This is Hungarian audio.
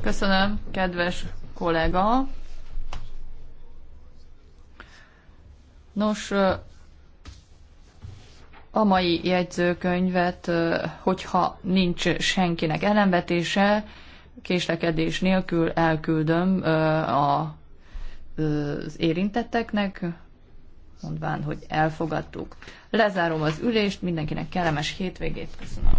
Köszönöm, kedves kollega. Nos, a mai jegyzőkönyvet, hogyha nincs senkinek ellenvetése, késlekedés nélkül elküldöm az érintetteknek, mondván, hogy elfogadtuk. Lezárom az ülést, mindenkinek kellemes hétvégét köszönöm.